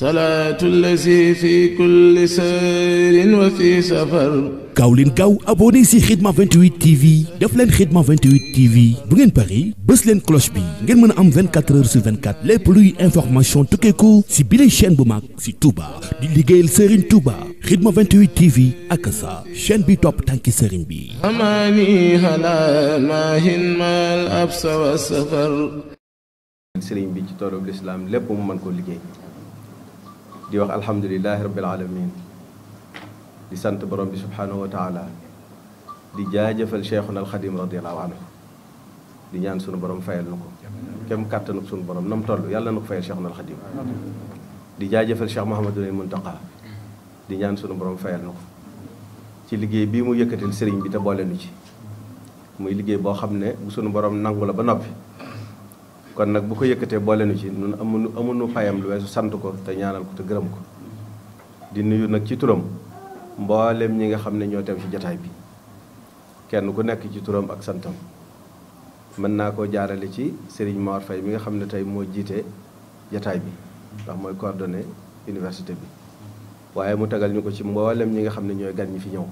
salaatu lazi fi kulli sayrin wa fi safar. gaaw leen gaaw abonné si Khidma 28 TV def leen Khidma 28 TV bu ngeen pari bës leen cloche bi ngeen mën a am 24 heures sur 24 lépp luy information tukkeeku si bile chaîne bu mag si Touba di liggéeyal Serigne Touba Khidma 28 TV ak sa chaîne bi topp tànki Serigne bi. amaani halal maahin maal absa wa safar. Serigne bi ci toolu lislaam mën ko liggéey. di wax alhamdulilahi rabbil alamin di sant borom bi subhanahu wa di jaajëfal cheikhuna alxadim radiallahu anhu di ñaan sunu borom fayal nu ko kem kàttanu sunu borom na nam toll yàlla na ko fayal cheikhuna alxadim di jaajëfal cheikh mahamadul muntaqa di ñaan sunu borom fayal na ko ci liggéey bii mu yëkkatil sëriñ bi te boole ci muy liggéey boo xam ne bu sunu borom nangu la ba noppi kon nag bu ko yëkkatee boole nu ci nun amuñu amuñu fayam lu weesu sant ko te ñaanal ko te gërëm ko di nuyu nag ci turam mboolem ñi nga xam ne ñoo teew ci jataay bi kenn ku nekk ci turam ak santam mën naa koo jaarale ci Serigne Mor Faye mi nga xam ne tey moo jiite jataay bi ndax mooy coordonné université bi waaye mu tegal ñu ko ci mboolem ñi nga xam ne ñooy gan ñi fi ñëw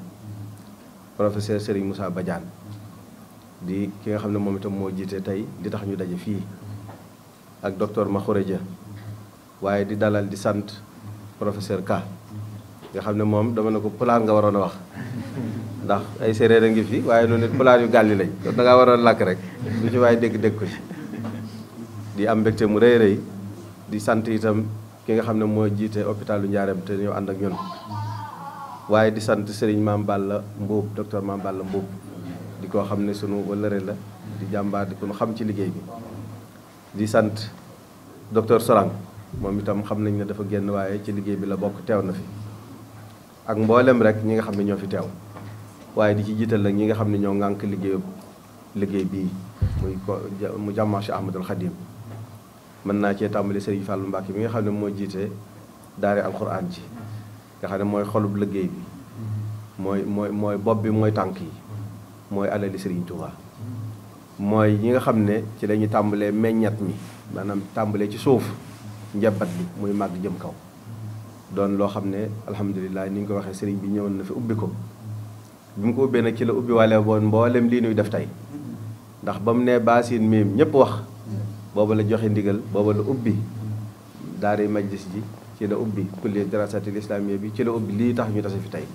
professeur sëriñ musa Badiane di ki nga xam ne moom itam moo jiite tey di tax ñu daje fii ak docteur Makhoury Dia waaye di dalal di sant professeur Ka nga xam ne moom dama ne ko pulaar nga waroon a wax ndax ay séeréer a ngi fi waaye noonu nit pulaar yu gàlli lañ da ngaa waroon làkk rek lu ci waaye dégg dégg ko ci di am mbégte mu rëy rëy di sant itam ki nga xam ne moo jiite hôpitalu Njaareem te ñëw ànd ak ñun waaye di sant sëriñ Maam Balla Mbuub docteur Maam Balla Mbuub di koo xam ne sunu wëllëre la di jàmbaar di ko xam ci liggéey bi di sant docteur Sorang moom itam xam nañ ne dafa génn waaye ci liggéey bi la bokk teew na fi ak mboolem rek ñi nga xam ne ñoo fi teew waaye di ci jiital nag ñi nga xam ne ñoo ŋànk liggéey liggéey bi muy ko mu jàmmaa Cheikh Ahmadul Khadim mën naa cee tàmbali Serigne Fallou Mbacke bi nga xam ne moo jiite daare alxuraan ji nga xam ne mooy xolub liggéey bi mm-hmm. mooy mooy mooy bopp bi mooy tànk yi mooy alali Serigne Touba mooy ñi nga xam ne ci lañuy tàmbalee meññat mi maanaam tàmbalee ci suuf njabat bi muy màgg jëm kaw doon loo xam ne alhamdulilah ni nga ko waxee sëriñ bi ñëwoon na fi ubbi ko bi mu ko ubbee nag ci la ubbi waale woon mboolem lii nuy def tey ndax ba mu nee baasin miim ñëpp wax booba la joxe ndigal booba la ubbi daari majlis ji ci la ubbi kulli darasatil islamiyya bi ci la ubbi lii tax ñu tase fi tey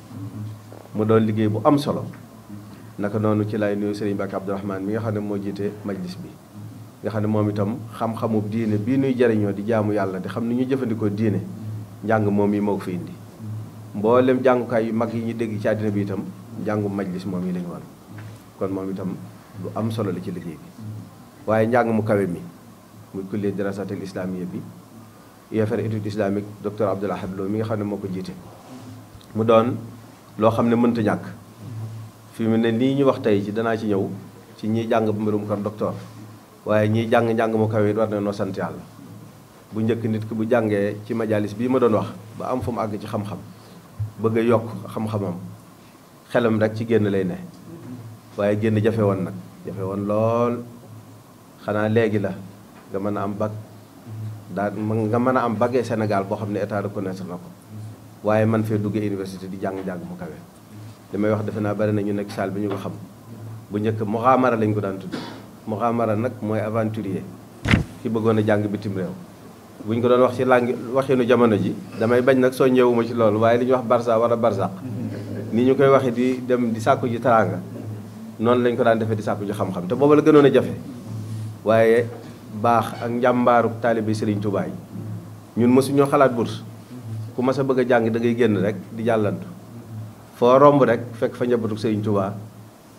mu doon liggéey bu am solo naka noonu ci lay nuyu Serigne Bakk Abdourahmane mi nga xam ne moo jiite majlis bi nga xam ne moom itam xam-xamu diine bii nuy jariñoo di jaamu yàlla di xam ni ñu jëfandikoo diine njàng moom yi moo ko fi indi mboolem jàngukaay yu mag yi ñu dégg ci àddina bi itam njàngu majlis moom yi lañu woon kon moom itam lu am solo la ci liggéey bi waaye njàng mu kawe mi muy kulliyat dirasatil islamiyya bi UFR étude islamique docteur Abdoul Ahad Lo mi nga xam ne moo ko jiite mu doon loo xam ne mënta ñàkk fi mu ne nii ñu wax tey ci danaa ci ñëw ci ñiy jàng mbirum kër docteur waaye ñii jàng njàng mu kaw yi war nañoo sant yàlla bu njëkk nit ki bu jàngee ci majalis bii ma doon wax ba am fu mu àgg ci xam-xam bëgg yokk xam-xamam xelam rek ci génn lay ne waaye génn jafe woon nag jafe woon lool xanaa léegi la nga mën a am bag daal nga mën a am bac Sénégal boo xam ne état reconnaître na ko waaye man fee duggee université di jàng-jàng mu kawe li may wax defe naa bari na ñu nekk salle bi ñu ko xam bu njëkk muxaamara lañ ko daan tudd muxaamara nag mooy aventurier ki bëggoon a jàng bitim réew bu ñu ko doon wax ci langue waxinu jamono ji damay bañ nag soo soññewuma ci loolu waaye li ñuy wax barça wala barsaq ni ñu koy waxee di dem di sàkku ji taraanga noonu lañ ko daan defee di sàkku ji xam-xam te booba la gënoon a jafe waaye baax ak njàmbaaru taalibe Serigne Touba yi ñun mësuñoo xalaat bourse ku mas a bëgg a jàng da ngay génn rek di jàllantu foo romb rek fekk fa njabootu Sëriñ Tuubaa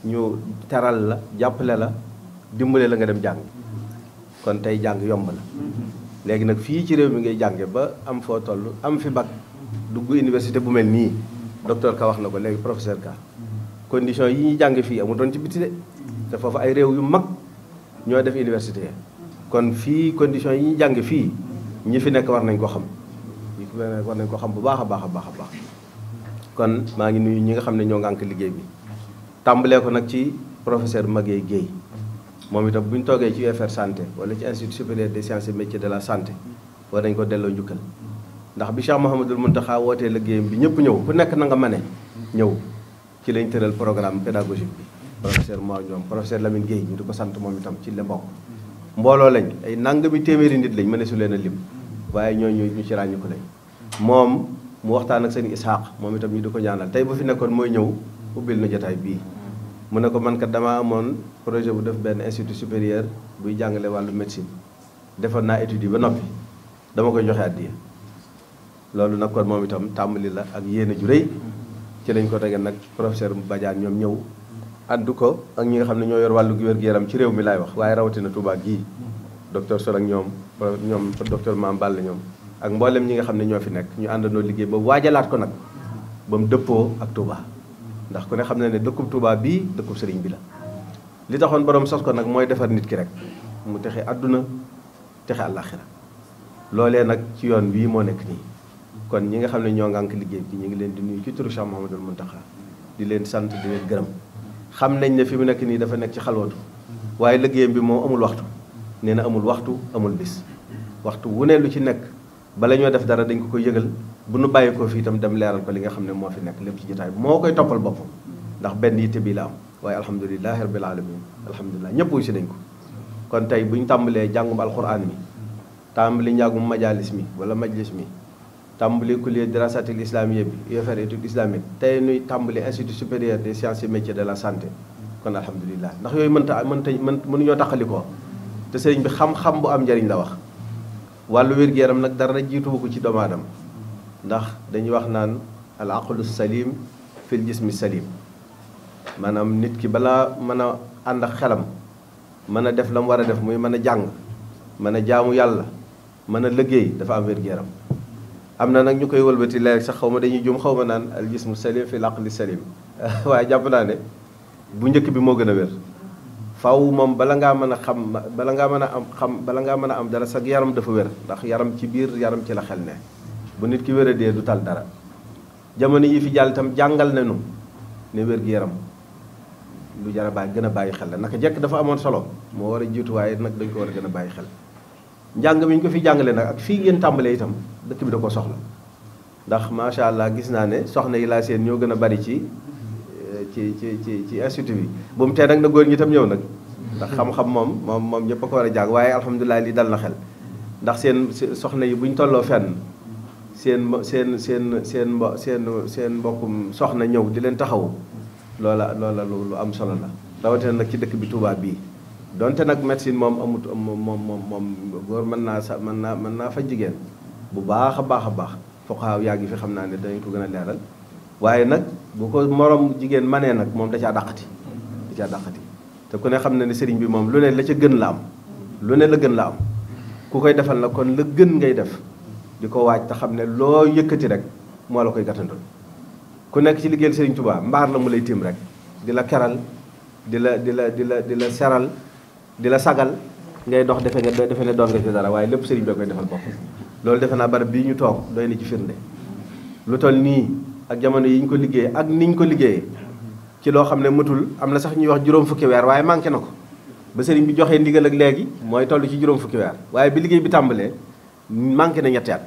ñu teral la jàppale la dimbale la nga dem jàng kon tey jàng yomb na léegi nag fii ci réew mi ngay jànge ba am foo toll am fi bac dugg université bu mel nii docteur Ka wax na ko léegi professeur Ka condition yi ñuy jàng fii doon ci biti de te foofu ay réew yu mag ñoo def université kon fii condition yi ñuy jàng fii ñi fi nekk war nañ koo xam ñi fi nekk war nañ koo xam bu baax a baax a baax a baax kon maa ngi nuyu ñi nga xam ne ñoo ngànk liggéey bi tàmbalee ko nag ci professeur Maguette Guèye moom itam bu ñu toogee ci UFR santé wala ci institut supérieur des sciences et métiers de la santé war nañ ko delloo njukkal ndax bi Cheikh Mouhamadul Mountakha wootee liggéeyam bi ñëpp ñëw ku nekk na nga mane ñëw ci lañ tëral programme pédagogique bi professeur Mor ñoom professeur Lamine Guèye ñu di ko sant moom itam ci li mbokk mbooloo lañ ay mi téeméeri nit lañ mëne su leen a lim waaye ñooñu ñu ci ràññiku lañ moom mu waxtaan ak sëñ Ishaq moom itam ñu du ko ñaanal tey bu fi nekkoon mooy ñëw ubbil na jotaay bii mm. mu ne ko man kat damaa amoon projet bu def benn institut supérieur buy jàngale wàllu médecine defoon naa étude ba noppi dama koy joxe yi loolu nag kon moom itam tàmbali la ak yéene ju rëy mm. ci lañ ko tege nag professeur Badiane ñoom ñëw àndu ko ak ñi nga xam ne ñoo yor wàllu wér-gu-yaram ci réew mi laay wax waaye rawatina Touba gii mm. docteur Sol ak ñoom ñoom docteur Mame ñoom ak mboolem ñi nga xam ne ñoo fi nekk ñu àndandoo liggéey ba waajalaat ko nag ba mu dëppoo ak Touba ndax ku ne xam ne ne dëkkub Touba bii dëkkub sëriñ bi la li taxoon boroom sos ko nag mooy defar nit ki rek mu texe àdduna texe àllaaxira loolee nag ci yoon wii moo nekk nii kon ñi nga xam ne ñoo ngànk liggéey bi ñu ngi leen di nuyu ci turu Cheikh mun Mountakha di leen sant di leen gërëm xam nañ ne fi mu nekk nii dafa nekk ci xalwatu waaye liggéeyam bi moom amul waxtu nee na amul waxtu amul bis waxtu wu ne lu ci nekk bala ñoo def dara dañ ko koy yëgal bu nu bàyyi ko fii itam dem leeral ko li nga xam ne moo fi nekk lépp ci jotaay moo koy toppal boppam ndax benn yitte bii la am waaye alhamdulilahi rabbil alamin alhamdulilah ñëpp wuy si nañ ko kon tey bu ñu tàmbalee jàngum alquran mi tàmbali njàngum majalis mi wala majlis mi tàmbali kulier dirasatil islamiyé bi UFR étude islamique tey nuy tàmbali institut supérieur des sciences et métiers de la santé kon alhamdulilah ndax yooyu mënta mënta mënuñoo taxali ko te sëriñ bi xam bu am njëriñ la wax wàllu wér yaram nag dara jiituwu ko ci doomu ndax dañuy wax naan al aqlu salim fil jismi salim maanaam nit ki balaa mën a ànd xelam mën a def la war a def muy mën a jàng mën a jaamu yàlla mën a liggéey dafa am wér-gu-yaram am na nag ñu koy walbati léeg sa xaw ma dañuy jum xaw ma naan al jismu salim fil aqli salim waaye jàpp naa ne bu njëkk bi moo gën a wér faw moom bala ngaa mën a xam bala ngaa mën a am xam bala ngaa mën a am dara sag yaram dafa wér ndax yaram ci biir yaram ci la xel ne bu nit ki wéradee du tal dara jamono yi fi jàll itam jàngal nu ne wér gi yaram lu jar a bàyyi gën a bàyyi xel la naka jekk dafa amoon solo moo war a jiitu waaye nag dañ ko war a gën a bàyyi xel njàng mi ñu ko fi jàngalee nag ak fii ngeen tàmbalee itam dëkk bi da ko soxla ndax macha allah gis naa ne soxna yi laa seen ñoo gën a bari ci ci ci ci ci institut bi bu mu tee nag na góor ñi itam ñëw nag ndax xam-xam moom moom moom ñëpp a ko war a jàng waaye alhamdulilah li dal na xel ndax seen soxna yi bu ñu tolloo fenn seen seen seen seen mbo seen seen mbokkum soxna ñëw di leen taxaw loola loola lu lu am solo la rawatina nag ci dëkk bi tubaab bii donte nag médecine moom amut moom moom moom góor mën naa sa mën naa mën naa fa jigéen bu baax a baax a baax foqaaw yaa ngi fi xam naa ne dañu ko gën a leeral waaye nag bu ko moroom jigéen manee nag moom da caa dàqati da caa dàqati te ku ne xam na ne sëriñ bi moom lu ne la ca gën la am lu ne la gën la am ku koy defal nag kon la gën ngay def di ko waaj te xam ne loo yëkkati rek moo la koy gàttandul ku nekk ci liggéeyal sëriñ Tuubaa mbaar la mu lay tiim rek di la keral di la di la di la di la seral di la sagal ngay dox defe nga defe ne doon nga ci dara waaye lépp sëriñ bi koy defal bopp loolu defe naa barab bii ñu toog doy ci firnde ak jamono yi ñu ko liggéey ak ni ñu ko liggéeyee ci loo xam ne matul am na sax ñuy wax juróom fukki weer waaye manqué na ko ba sëriñ bi joxee ndigal ak léegi mooy tollu ci juróom fukki weer waaye bi liggéey bi tàmbalee manqué na ñetti at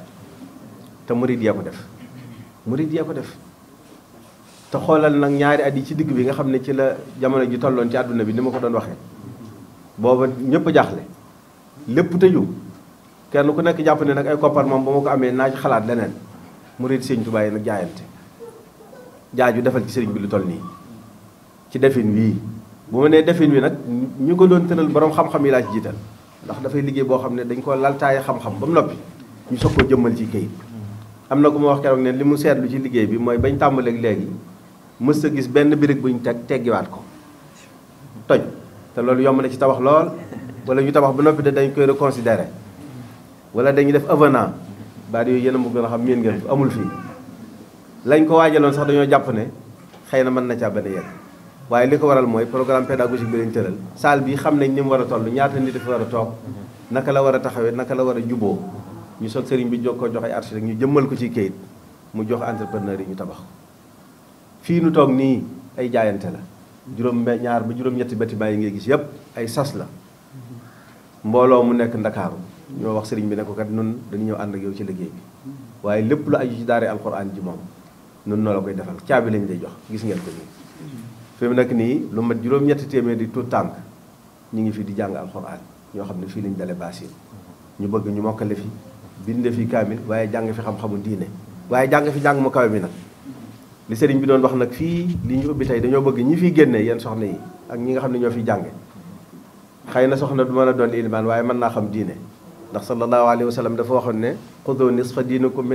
te murid yaa ko def murid yaa ko def te xoolal nag ñaari at yi ci digg bi nga xam ne ci la jamono ji tolloon ci àdduna bi ni ma ko doon waxee booba ñëpp jaaxle lépp tëju kenn ku nekk jàpp ne nag ay koppar moom ba ko amee naa xalaat leneen murid sëñ Tuubaa yi nag jaayante jaaju defal ci sëriñ bi lu toll nii ci defin wii bu ma nee defin wi nag ñu ko doon tëral boroom xam-xam yi laa ci jiital ndax dafay liggéey boo xam ne dañ ko laltaaye xam-xam ba mu noppi ñu soog koo jëmmal ci këyit am na ku ma wax keroog neen li mu seetlu ci liggéey bi mooy bañ tàmbaleek léegi mës a gis benn birig buñ teg teggiwaat ko toj te loolu yomb na ci tabax lool wala ñu tabax ba noppi de dañ koy reconsidérer wala dañuy def avenant baat yooyu yéen a mu gën a xam miin nga amul fii lañ ko waajaloon sax dañoo jàpp ne xëy na mën na caa benn waaye li ko waral mooy programme pédagogique bi lañ tëral salle bi xam nañ ni war a toll ñaata nit dafa war a toog naka la war a taxawee naka la war a juboo ñu soog sëriñ bi jox ko jox ay architecte ñu jëmmal ko ci kayit mu jox entrepreneur yi ñu tabax fii nu toog nii ay jaayante la juróom ñaar ba juróom-ñetti bâtiment yi ngay gis yépp ay sas la mbooloo mu nekk ndakaaru ñoo wax sëriñ bi ne ko kat nun dañu ànd yow ci liggéey bi lépp lu aju ci daara alxuraan ji moom nun noo la koy defal caabi lañu lay jox gis ngeen ko nii fi mu nekk nii lu mat juróom-ñetti téeméer di tànk ñu ngi fi di jàng alxuraan ñoo xam ne fii lañ dale baasin ñu bëgg ñu mokkale fi binde fii kaamil waaye jàng fi xam-xamu diine waaye jàng fi jàng mu kawe mi nag li sëriñ bi doon wax nag fii li ñu ubbi tey dañoo bëgg ñi fi génne yenn soxna yi ak ñi nga xam ne ñoo fiy jànge xëy na soxna du mën a doon ilimaan waaye mën naa xam diine ndax sallallahu alayhi dafa waxoon ne xudu nisfa diinakum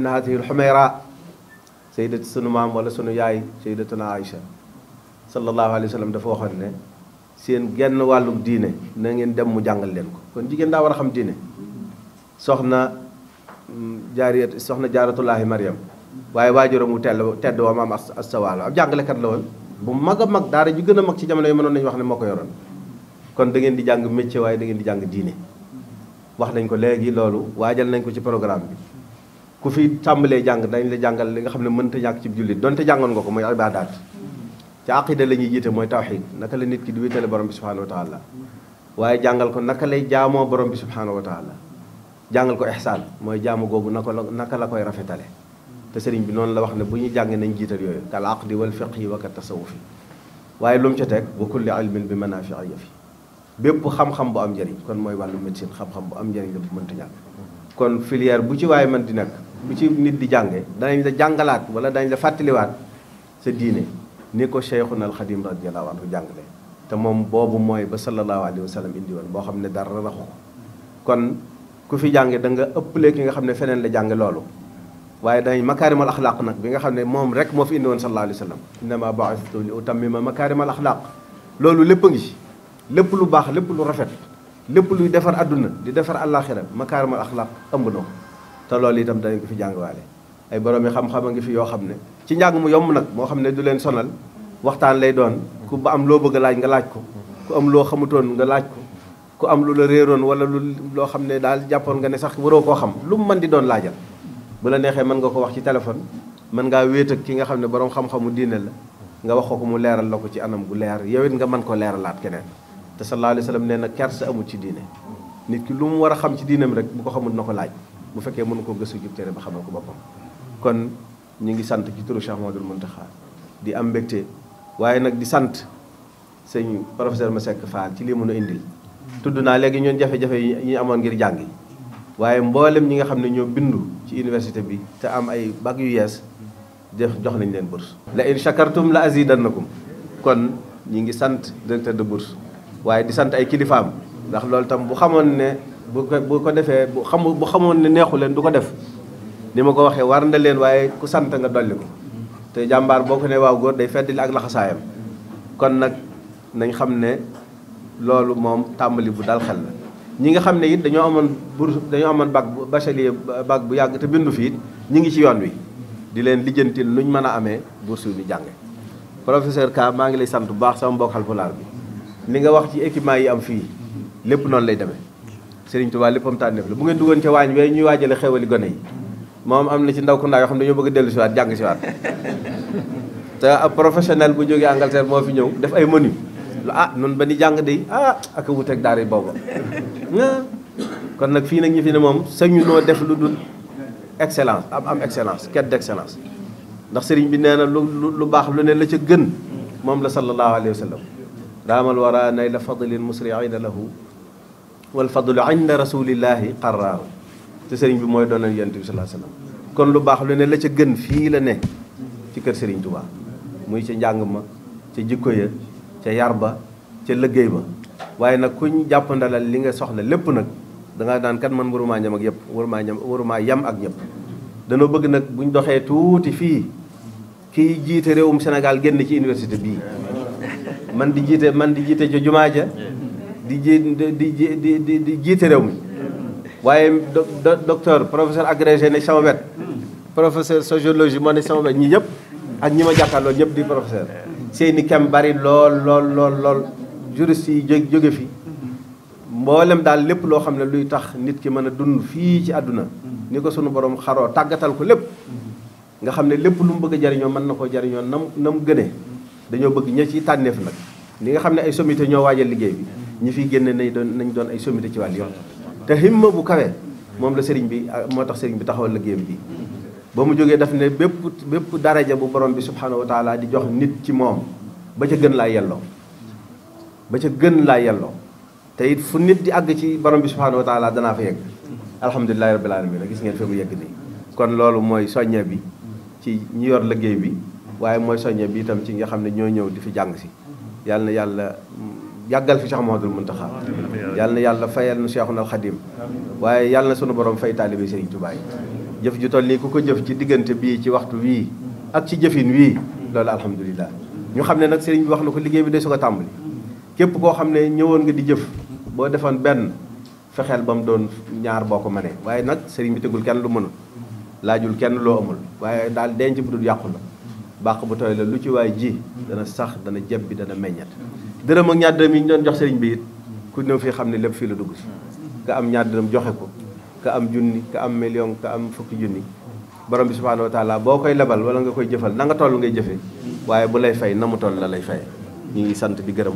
sayyidat sunu maam wala sunu yaay sayyidatuna Aïcha sallallahu alayhi wa sallam dafa waxoon ne seen genn wàllum diine na ngeen dem mu jàngal leen ko kon jigéen daa war a xam diine soxna mm, jaariyat soxna jaaratullaahi Mariam waaye waajuram mu tell tedd wa maam astawaalo ab jàngalekat la woon bu mag a mag daara ju gën a mag ci jamono yi mënoon nañu wax ne moo ko yoroon kon da ngeen di jàng métier waaye da ngeen di jàng diine wax nañ ko léegi loolu waajal nañ ko ci programme bi ku fi tàmbalee jàng dañ la jàngal li nga xam ne mënta ñàkk ci jullit donte jàngoon nga ko mooy ibaadaat ci aqida la ñuy jiite mooy tawxid naka la nit ki di wéetale borom bi subhanahu wa taala waaye jàngal ko naka lay jaamoo borom bi subhanahu wa taala jàngal ko ihsaan mooy jaamu googu naka la naka la koy rafetale te sëriñ bi noonu la wax ne bu ñu jàng nañ jiital yooyu kal aqdi wal fiqhi wa ka tasawufi waaye lu mu ca teg wa kulli ilmin bi manaafi'a fi bépp xam-xam am njëriñ kon mooy wàllu médecine xam-xam bu am njëriñ la bu mënta ñàkk kon filière bu ci waaye man di nekk bu ci nit di jànge danañ la jàngalaat wala danañ la fàttaliwaat sa diine ni ko Cheikhuna al Xadim radiyallahu anhu jàngale te moom boobu mooy ba sallallahu alayhi wa sallam indi woon boo xam ne dara raxu ko kon ku fi jànge da nga ëppale ki nga xam ne feneen la jànge loolu waaye danañ makaarimal axlaaq nag bi nga xam ne moom rek moo fi indi woon sallallahu alayhi wa ma innama ba'istu li utammima makaarimal axlaaq loolu lépp a ngi ci lépp lu baax lépp lu rafet lépp luy defar àdduna di defar àllaaxira makaarimal axlaaq ëmb na ko te loolu itam dañ ko fi jàngwaale ay borom yi xam-xam a ngi fi yoo xam ne ci njàng mu yomb nag moo xam ne du leen sonal waxtaan lay doon ku ba am loo bëgg laaj nga laaj ko ku am loo xamutoon nga laaj ko ku am lu la réeroon wala lu loo xam ne daal jàppoon nga ne sax waroo koo xam lu mu man di doon laajal bu la neexee mën nga ko wax ci téléphone mën ngaa wéet ki nga xam ne borom xam-xamu diine la nga wax ko ko mu leeral la ko ci anam gu leer yow it nga mën ko leeralaat keneen te sallallahu alayhi wa nee na kersa amul ci diine nit ki lu mu war a xam ci diinam rek bu ko xamul na ko laaj bu fekkee mënu ko gëstu jub tere ba xamal ko boppam kon ñu ngi sant ci turu Cheikh Mouhamadoul Mountakha di am mbégte waaye nag di sant sëñ professeur Masseck Fall ci lii mën a indil tudd naa léegi ñoon jafe-jafe yi ñu amoon ngir jàng waaye mboolem ñi nga xam ne ñoo bindu ci université bi te am ay bac yu yees def jox nañ leen bourse la in shakartum la azidannakum kon ñi ngi sant directeur de bourse waaye di sant ay kilifaam ndax loolu tam bu xamoon ne bu ko bu ko defee bu xamu bu xamoon ne neexu leen du ko def ni ma ko waxee war na leen waaye ku sant nga dolli ko te jàmbaar boo ko nee waaw góor day feddali ak laxasaayam kon nag nañ xam ne loolu moom tàmbali bu dal xel la ñi nga xam ne it dañoo amoon bourse dañoo amoon bac bu bachelier bac bu yàgg te bindu fii ñi ngi ci yoon wi di leen lijjantil nuñ mën a amee bourse nu jànge professeur Ka maa ngi lay sant bu baax sama mbokk Haalpulaar bi li nga wax ci équipement yi am fii lépp noonu lay demee Serigne Touba léppam tànneef la bu ngeen duggoon ca waañ wee ñuy waajale xewali gone yi moom am na ci ndaw ku ndaw yoo xam ne dañoo bëgg a dellu si waat jàng si te ab professionnel bu jógee Angleterre moo fi ñëw def ay menu ah noonu ba ni jàng de ah a wuteeg daara yi nag fii nag ñu fi ne moom sañu noo def lu dul excellence am am excellence quête d'excellence ndax sëriñ bi nee na lu lu baax lu ne la ca gën moom la sallallahu alayhi wa sallam daamal wara nay la fadlin musriina lahu wal fadlu inda rasulillahi qarraaw te sëriñ bi mooy doonal yonent bi sallallahu alayhi wasallam kon lu baax lu ne la ca gën fii la ne ci kër sëriñ Tuubaa muy ca njàng ma ca jikko ya ca yar ba ca liggéey ba waaye nag kuñ jàpp li nga soxla lépp nag danga daan kat man warumaa ñam ak yëpp warumaa ñam warumaa yam ak ñëpp danoo bëgg nag buñ doxee tuuti fii kiy jiite réewum senegal génn ci iniwersité bii man di jiite man di jiite ca jumaa ja di ji di di di di jiite réew mi waaye docteur professeur agrégé ne sama wet professeur sociologie moo ne sama wet ñi ñëpp ak ñi ma jàkkaarloo ñëpp di professeur seeni kem bari lool lool lool lool juriste yi jóge jóge fi mboolem daal lépp loo xam ne luy tax nit ki mën a dund fii ci àdduna ni ko sunu borom xaroo tàggatal ko lépp nga xam ne lépp lu mu bëgg jariñoo mën na koo jariñoo na mu gënee dañoo bëgg ña ci tànneef nag li nga xam ne ay sommité ñoo waajal liggéey bi ñi fiy génne nañ doon nañ doon ay sommité ci wàllu yoon te himma bu kawe moom la sëriñ bi moo tax sëriñ bi taxawal liggéeyam bi ba mu jógee daf ne bépp bépp daraja bu borom bi subhanahu wa taala di jox nit ci moom ba ca gën laa yelloo ba ca gën laa yelloo te it fu nit di àgg ci borom bi subhanahu wa taala danaa fa yegg alhamdulilahi rabbil alamin gis ngeen fi mu yegg nii kon loolu mooy soññe bi ci ñu yor liggéey bi waaye mooy soññe bi itam ci nga xam ne ñoo ñëw di fi jàng si yàggal fi Cheikh Mouhamadoul Mountakha yàlla na yàlla fayal na Cheikhul Khadim waaye yàlla na sunu borom fay taalibe Serigne Touba yi jëf ju toll nii ku ko jëf ci diggante bii ci waxtu wii ak ci jëfin wii loolu alhamdulilah ñu xam ne nag Serigne bi wax na ko liggéey bi de su ko tàmbali képp koo xam ne ñëwoon nga di jëf boo defoon benn fexeel ba mu doon ñaar boo ko mënee waaye nag Serigne bi tegul kenn lu mënul laajul kenn loo amul waaye daal denc bu dul yàqu la bàq bu tooy la lu ci waay ji dana sax dana jeb bi dana meññet dërëm ak ñaar dërëm yi ñu doon jox sëriñ bi it ku ñëw fii xam ne lépp fii la dugg si nga am ñaar dërëm joxe ko ka am junni ka am million ka am fukki junni borom bi subhaanahu wa taala boo koy lebal wala nga koy jëfal na nga toll ngay jëfe waaye bu lay fay na mu toll la lay fay ñu ngi sant bi gërëm